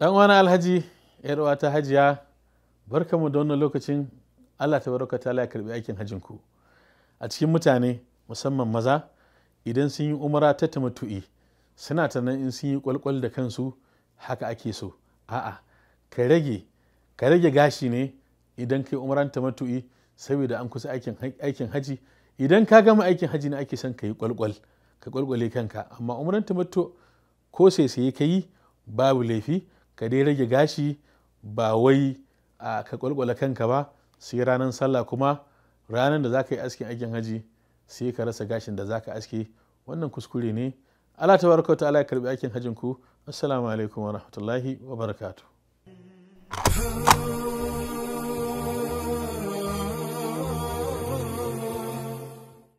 dan wani alhaji yar uwata hajiya barkamu da wannan lokacin allah ta baraka ta ya karbi aikin hajinku. ku a cikin mutane musamman maza idan sun yi umara ta tamatu'i suna ta nan in sun yi kwalkwal da kansu haka ake so a'a ka rage ka rage gashi ne idan kai umaran tamatu'i saboda an kusa aikin haji idan ka gama aikin hajji na ake son ka yi kwalkwal ka kwalkwale kanka amma umran tamattu ko sai ka yi babu laifi ka dai rage gashi ba wai a ka kwalkwala kanka ba sai ranar sallah kuma ranar da za ka yi askin aikin hajji sai ka rasa gashin da za ka aske wannan kuskure ne Allah ta baraka ta ya karbi aikin hajin ku assalamu alaikum wa rahmatullahi wa barakatuh